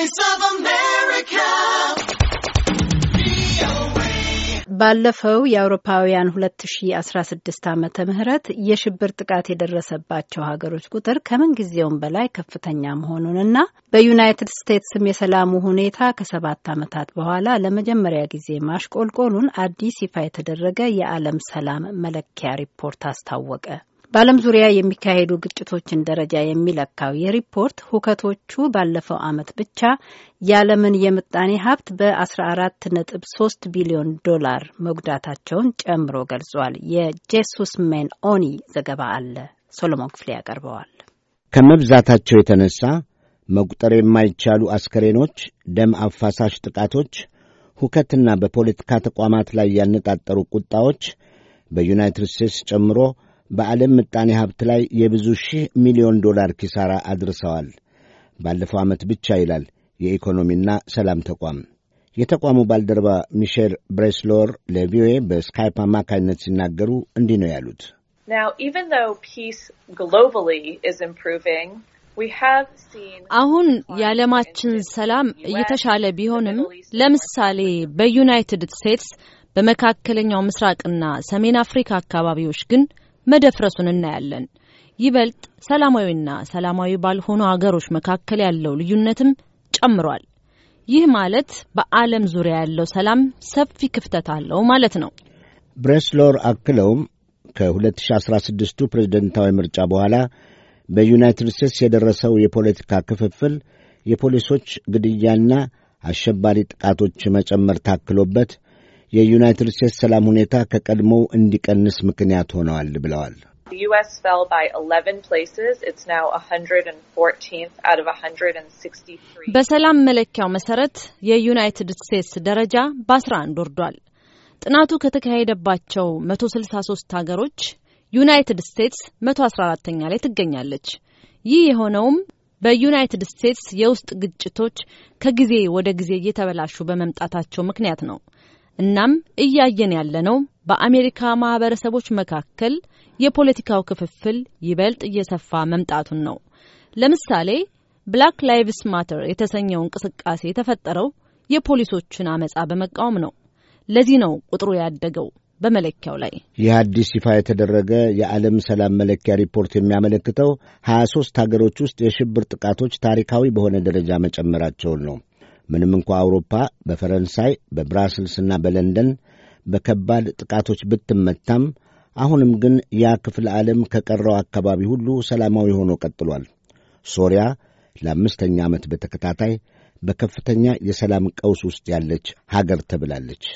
Voice of America. ባለፈው የአውሮፓውያን 2016 ዓመተ ምህረት የሽብር ጥቃት የደረሰባቸው ሀገሮች ቁጥር ከምንጊዜውም በላይ ከፍተኛ መሆኑንና በዩናይትድ ስቴትስም የሰላሙ ሁኔታ ከሰባት ዓመታት በኋላ ለመጀመሪያ ጊዜ ማሽቆልቆሉን አዲስ ይፋ የተደረገ የዓለም ሰላም መለኪያ ሪፖርት አስታወቀ። በዓለም ዙሪያ የሚካሄዱ ግጭቶችን ደረጃ የሚለካው የሪፖርት ሁከቶቹ ባለፈው ዓመት ብቻ የዓለምን የምጣኔ ሀብት በ14 ነጥብ 3 ቢሊዮን ዶላር መጉዳታቸውን ጨምሮ ገልጿል። የጄሱስ ሜን ኦኒ ዘገባ አለ። ሶሎሞን ክፍሌ ያቀርበዋል። ከመብዛታቸው የተነሳ መቁጠር የማይቻሉ አስከሬኖች፣ ደም አፋሳሽ ጥቃቶች፣ ሁከትና በፖለቲካ ተቋማት ላይ ያነጣጠሩ ቁጣዎች በዩናይትድ ስቴትስ ጨምሮ በዓለም ምጣኔ ሀብት ላይ የብዙ ሺህ ሚሊዮን ዶላር ኪሳራ አድርሰዋል። ባለፈው ዓመት ብቻ ይላል የኢኮኖሚና ሰላም ተቋም። የተቋሙ ባልደረባ ሚሼል ብሬስሎር ለቪኦኤ በስካይፕ አማካኝነት ሲናገሩ እንዲህ ነው ያሉት። አሁን የዓለማችን ሰላም እየተሻለ ቢሆንም ለምሳሌ በዩናይትድ ስቴትስ በመካከለኛው ምስራቅና ሰሜን አፍሪካ አካባቢዎች ግን መደፍረሱን እናያለን። ይበልጥ ሰላማዊና ሰላማዊ ባልሆኑ አገሮች መካከል ያለው ልዩነትም ጨምሯል። ይህ ማለት በዓለም ዙሪያ ያለው ሰላም ሰፊ ክፍተት አለው ማለት ነው። ብሬስሎር አክለውም ከ2016ቱ ፕሬዝደንታዊ ምርጫ በኋላ በዩናይትድ ስቴትስ የደረሰው የፖለቲካ ክፍፍል የፖሊሶች ግድያና አሸባሪ ጥቃቶች መጨመር ታክሎበት የዩናይትድ ስቴትስ ሰላም ሁኔታ ከቀድሞው እንዲቀንስ ምክንያት ሆነዋል ብለዋል። በሰላም መለኪያው መሰረት የዩናይትድ ስቴትስ ደረጃ በ11 ወርዷል። ጥናቱ ከተካሄደባቸው 163 ሀገሮች ዩናይትድ ስቴትስ 114ተኛ ላይ ትገኛለች። ይህ የሆነውም በዩናይትድ ስቴትስ የውስጥ ግጭቶች ከጊዜ ወደ ጊዜ እየተበላሹ በመምጣታቸው ምክንያት ነው። እናም እያየን ያለነው በአሜሪካ ማህበረሰቦች መካከል የፖለቲካው ክፍፍል ይበልጥ እየሰፋ መምጣቱን ነው። ለምሳሌ ብላክ ላይቭስ ማተር የተሰኘው እንቅስቃሴ የተፈጠረው የፖሊሶችን አመጻ በመቃወም ነው። ለዚህ ነው ቁጥሩ ያደገው። በመለኪያው ላይ ይህ አዲስ ይፋ የተደረገ የዓለም ሰላም መለኪያ ሪፖርት የሚያመለክተው 23 ሀገሮች ውስጥ የሽብር ጥቃቶች ታሪካዊ በሆነ ደረጃ መጨመራቸውን ነው። ምንም እንኳ አውሮፓ በፈረንሳይ በብራስልስና በለንደን በከባድ ጥቃቶች ብትመታም አሁንም ግን ያ ክፍለ ዓለም ከቀረው አካባቢ ሁሉ ሰላማዊ ሆኖ ቀጥሏል። ሶሪያ ለአምስተኛ ዓመት በተከታታይ በከፍተኛ የሰላም ቀውስ ውስጥ ያለች ሀገር ተብላለች።